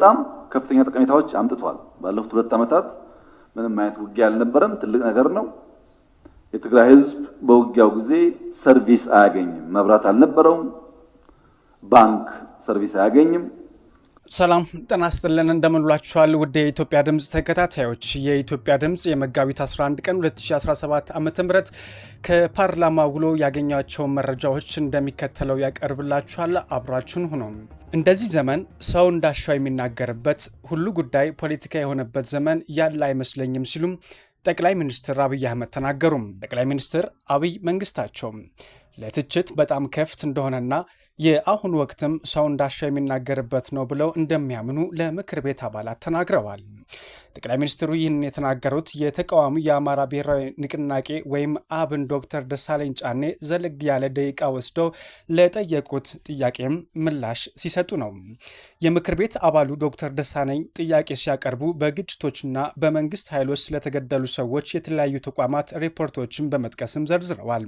በጣም ከፍተኛ ጠቀሜታዎች አምጥቷል። ባለፉት ሁለት ዓመታት ምንም አይነት ውጊያ አልነበረም። ትልቅ ነገር ነው። የትግራይ ህዝብ በውጊያው ጊዜ ሰርቪስ አያገኝም። መብራት አልነበረውም። ባንክ ሰርቪስ አያገኝም። ሰላም ጤና ይስጥልን እንደምንላችኋል ውድ የኢትዮጵያ ድምፅ ተከታታዮች የኢትዮጵያ ድምፅ የመጋቢት 11 ቀን 2017 ዓ.ም ከፓርላማ ውሎ ያገኛቸውን መረጃዎች እንደሚከተለው ያቀርብላችኋል። አብራችሁን ሁኑ። እንደዚህ ዘመን ሰው እንዳሻው የሚናገርበት ሁሉ ጉዳይ ፖለቲካ የሆነበት ዘመን ያለ አይመስለኝም ሲሉም ጠቅላይ ሚኒስትር አብይ አህመድ ተናገሩም። ጠቅላይ ሚኒስትር አብይ መንግስታቸው ለትችት በጣም ክፍት እንደሆነና የአሁን ወቅትም ሰው እንዳሻው የሚናገርበት ነው ብለው እንደሚያምኑ ለምክር ቤት አባላት ተናግረዋል። ጠቅላይ ሚኒስትሩ ይህንን የተናገሩት የተቃዋሚ የአማራ ብሔራዊ ንቅናቄ ወይም አብን ዶክተር ደሳለኝ ጫኔ ዘለግ ያለ ደቂቃ ወስደው ለጠየቁት ጥያቄም ምላሽ ሲሰጡ ነው። የምክር ቤት አባሉ ዶክተር ደሳለኝ ጥያቄ ሲያቀርቡ በግጭቶችና በመንግስት ኃይሎች ስለተገደሉ ሰዎች የተለያዩ ተቋማት ሪፖርቶችን በመጥቀስም ዘርዝረዋል።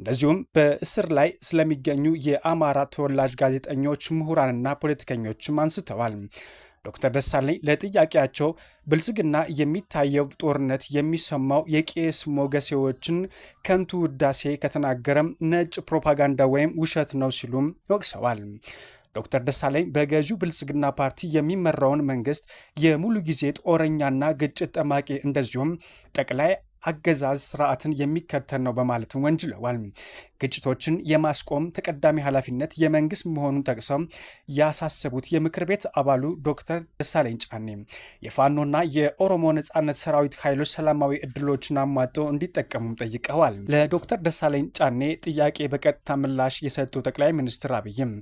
እንደዚሁም በእስር ላይ ስለሚገኙ የአማራ ተወላጅ ጋዜጠኞች፣ ምሁራንና ፖለቲከኞችም አንስተዋል። ዶክተር ደሳለኝ ለጥያቄያቸው ብልጽግና የሚታየው ጦርነት የሚሰማው የቄስ ሞገሴዎችን ከንቱ ውዳሴ ከተናገረም ነጭ ፕሮፓጋንዳ ወይም ውሸት ነው ሲሉም ወቅሰዋል። ዶክተር ደሳለኝ በገዢው ብልጽግና ፓርቲ የሚመራውን መንግስት የሙሉ ጊዜ ጦረኛና ግጭት ጠማቂ እንደዚሁም ጠቅላይ አገዛዝ ስርዓትን የሚከተል ነው በማለትም ወንጅለዋል። ግጭቶችን የማስቆም ተቀዳሚ ኃላፊነት የመንግስት መሆኑን ጠቅሰው ያሳሰቡት የምክር ቤት አባሉ ዶክተር ደሳለኝ ጫኔ የፋኖና የኦሮሞ ነጻነት ሰራዊት ኃይሎች ሰላማዊ እድሎችን አሟጦ እንዲጠቀሙም ጠይቀዋል። ለዶክተር ደሳለኝ ጫኔ ጥያቄ በቀጥታ ምላሽ የሰጡ ጠቅላይ ሚኒስትር አብይም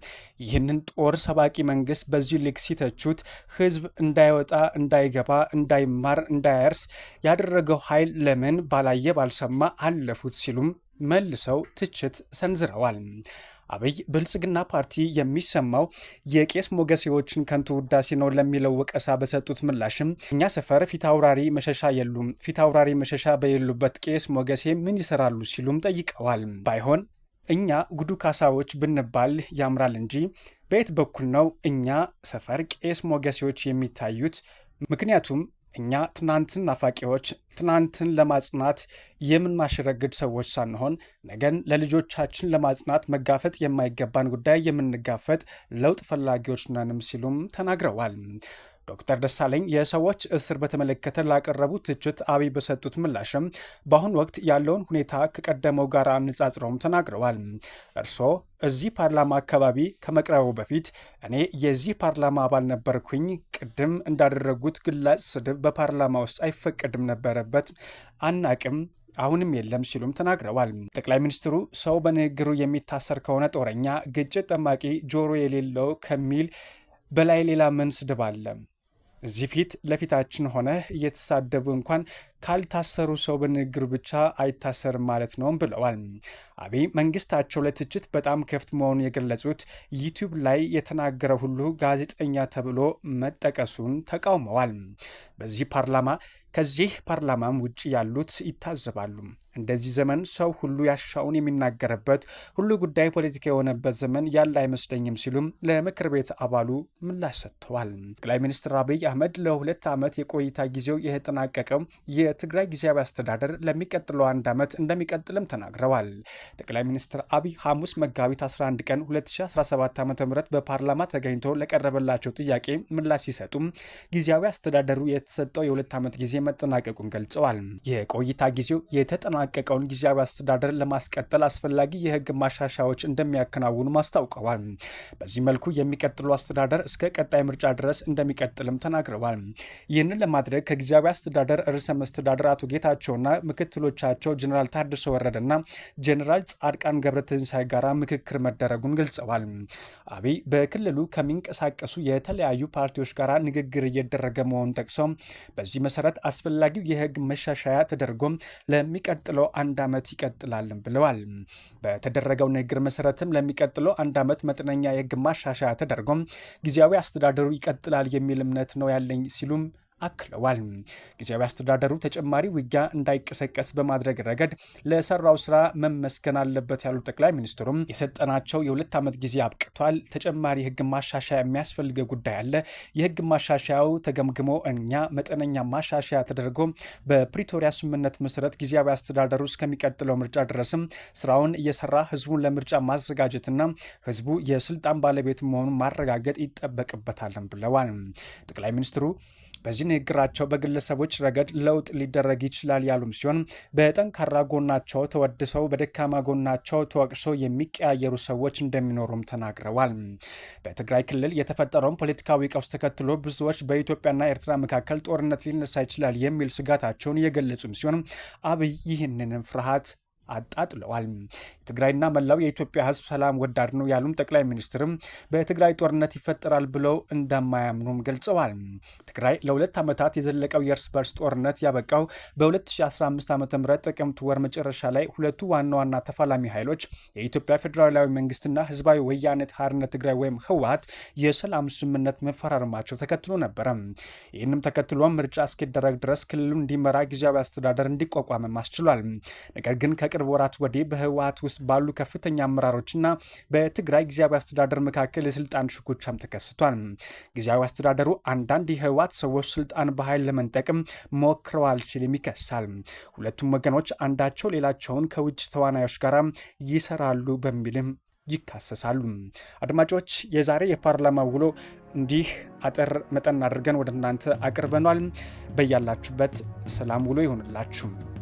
ይህንን ጦር ሰባቂ መንግስት በዚህ ልክ ሲተቹት ህዝብ እንዳይወጣ፣ እንዳይገባ፣ እንዳይማር፣ እንዳያርስ ያደረገው ኃይል ለምን ዘመን ባላየ ባልሰማ አለፉት ሲሉም መልሰው ትችት ሰንዝረዋል። አብይ ብልጽግና ፓርቲ የሚሰማው የቄስ ሞገሴዎችን ከንቱ ውዳሴ ነው ለሚለው ወቀሳ በሰጡት ምላሽም እኛ ሰፈር አውራሪ መሸሻ የሉም፣ አውራሪ መሸሻ በሌሉበት ቄስ ሞገሴ ምን ይሰራሉ ሲሉም ጠይቀዋል። ባይሆን እኛ ጉዱ ካሳዎች ብንባል ያምራል እንጂ በየት በኩል ነው እኛ ሰፈር ቄስ ሞገሴዎች የሚታዩት? ምክንያቱም እኛ ትናንትን ናፋቂዎች፣ ትናንትን ለማጽናት የምናሸረግድ ሰዎች ሳንሆን ነገን ለልጆቻችን ለማጽናት መጋፈጥ የማይገባን ጉዳይ የምንጋፈጥ ለውጥ ፈላጊዎች ነንም ሲሉም ተናግረዋል። ዶክተር ደሳለኝ የሰዎች እስር በተመለከተ ላቀረቡት ትችት አብይ በሰጡት ምላሽም በአሁኑ ወቅት ያለውን ሁኔታ ከቀደመው ጋር አነጻጽረውም ተናግረዋል። እርስዎ እዚህ ፓርላማ አካባቢ ከመቅረቡ በፊት እኔ የዚህ ፓርላማ አባል ነበርኩኝ። ቅድም እንዳደረጉት ግላጭ ስድብ በፓርላማ ውስጥ አይፈቀድም ነበረበት አናቅም አሁንም የለም ሲሉም ተናግረዋል። ጠቅላይ ሚኒስትሩ ሰው በንግግሩ የሚታሰር ከሆነ ጦረኛ፣ ግጭት ጠማቂ፣ ጆሮ የሌለው ከሚል በላይ ሌላ ምን ስድብ አለ? እዚህ ፊት ለፊታችን ሆነ እየተሳደቡ እንኳን ካልታሰሩ ሰው በንግግር ብቻ አይታሰርም ማለት ነውም ብለዋል። አብይ መንግስታቸው ለትችት በጣም ክፍት መሆኑን የገለጹት ዩቲዩብ ላይ የተናገረ ሁሉ ጋዜጠኛ ተብሎ መጠቀሱን ተቃውመዋል። በዚህ ፓርላማ ከዚህ ፓርላማም ውጭ ያሉት ይታዘባሉ። እንደዚህ ዘመን ሰው ሁሉ ያሻውን የሚናገርበት ሁሉ ጉዳይ ፖለቲካ የሆነበት ዘመን ያለ አይመስለኝም ሲሉም ለምክር ቤት አባሉ ምላሽ ሰጥተዋል። ጠቅላይ ሚኒስትር አብይ አህመድ ለሁለት ዓመት የቆይታ ጊዜው የተጠናቀቀው የትግራይ ጊዜያዊ አስተዳደር ለሚቀጥለው አንድ ዓመት እንደሚቀጥልም ተናግረዋል። ጠቅላይ ሚኒስትር አብይ ሐሙስ መጋቢት 11 ቀን 2017 ዓ ም በፓርላማ ተገኝቶ ለቀረበላቸው ጥያቄ ምላሽ ሲሰጡም ጊዜያዊ አስተዳደሩ የተሰጠው የሁለት ዓመት ጊዜ ጊዜ መጠናቀቁን ገልጸዋል። የቆይታ ጊዜው የተጠናቀቀውን ጊዜያዊ አስተዳደር ለማስቀጠል አስፈላጊ የህግ ማሻሻያዎች እንደሚያከናውኑም አስታውቀዋል። በዚህ መልኩ የሚቀጥሉ አስተዳደር እስከ ቀጣይ ምርጫ ድረስ እንደሚቀጥልም ተናግረዋል። ይህንን ለማድረግ ከጊዜያዊ አስተዳደር ርዕሰ መስተዳደር አቶ ጌታቸውና ምክትሎቻቸው ጀኔራል ታደሰ ወረደና ጀኔራል ጻድቃን ገብረትንሳይ ጋራ ምክክር መደረጉን ገልጸዋል። አብይ በክልሉ ከሚንቀሳቀሱ የተለያዩ ፓርቲዎች ጋር ንግግር እየደረገ መሆኑን ጠቅሰው በዚህ መሰረት አስፈላጊው የህግ መሻሻያ ተደርጎም ለሚቀጥለው አንድ ዓመት ይቀጥላልም ብለዋል። በተደረገው ንግግር መሰረትም ለሚቀጥለው አንድ ዓመት መጠነኛ የህግ ማሻሻያ ተደርጎም ጊዜያዊ አስተዳደሩ ይቀጥላል የሚል እምነት ነው ያለኝ ሲሉም አክለዋል። ጊዜያዊ አስተዳደሩ ተጨማሪ ውጊያ እንዳይቀሰቀስ በማድረግ ረገድ ለሰራው ስራ መመስገን አለበት ያሉት ጠቅላይ ሚኒስትሩም የሰጠናቸው የሁለት ዓመት ጊዜ አብቅቷል። ተጨማሪ የህግ ማሻሻያ የሚያስፈልገው ጉዳይ አለ። የህግ ማሻሻያው ተገምግሞ እኛ መጠነኛ ማሻሻያ ተደርጎ በፕሪቶሪያ ስምምነት መሰረት ጊዜያዊ አስተዳደሩ እስከሚቀጥለው ምርጫ ድረስም ስራውን እየሰራ ህዝቡን ለምርጫ ማዘጋጀትና ህዝቡ የስልጣን ባለቤት መሆኑን ማረጋገጥ ይጠበቅበታል ብለዋል ጠቅላይ ሚኒስትሩ በዚህ በንግግራቸው በግለሰቦች ረገድ ለውጥ ሊደረግ ይችላል ያሉም ሲሆን በጠንካራ ጎናቸው ተወድሰው በደካማ ጎናቸው ተወቅሰው የሚቀያየሩ ሰዎች እንደሚኖሩም ተናግረዋል። በትግራይ ክልል የተፈጠረውን ፖለቲካዊ ቀውስ ተከትሎ ብዙዎች በኢትዮጵያና ኤርትራ መካከል ጦርነት ሊነሳ ይችላል የሚል ስጋታቸውን የገለጹም ሲሆን አብይ ይህንንም ፍርሃት አጣጥለዋል። ትግራይና መላው የኢትዮጵያ ሕዝብ ሰላም ወዳድ ነው ያሉም ጠቅላይ ሚኒስትርም በትግራይ ጦርነት ይፈጠራል ብለው እንደማያምኑም ገልጸዋል። ትግራይ ለሁለት ዓመታት የዘለቀው የእርስ በርስ ጦርነት ያበቃው በ2015 ዓ ም ጥቅምት ወር መጨረሻ ላይ ሁለቱ ዋና ዋና ተፋላሚ ኃይሎች የኢትዮጵያ ፌዴራላዊ መንግስትና ህዝባዊ ወያነት ሀርነት ትግራይ ወይም ህወሀት የሰላም ስምምነት መፈራረማቸው ተከትሎ ነበረ። ይህንም ተከትሎ ምርጫ እስኪደረግ ድረስ ክልሉ እንዲመራ ጊዜያዊ አስተዳደር እንዲቋቋምም አስችሏል። ነገር ግን ከቅርብ ወራት ወዲህ በህወሀት ውስጥ ባሉ ከፍተኛ አመራሮችና በትግራይ ጊዜያዊ አስተዳደር መካከል የስልጣን ሽኩቻም ተከስቷል። ጊዜያዊ አስተዳደሩ አንዳንድ የህወሀት ሰዎች ስልጣን በኃይል ለመንጠቅም ሞክረዋል ሲልም ይከሳል። ሁለቱም ወገኖች አንዳቸው ሌላቸውን ከውጭ ተዋናዮች ጋር ይሰራሉ በሚልም ይካሰሳሉ። አድማጮች የዛሬ የፓርላማ ውሎ እንዲህ አጠር መጠን አድርገን ወደ እናንተ አቅርበኗል። በያላችሁበት ሰላም ውሎ ይሆንላችሁ።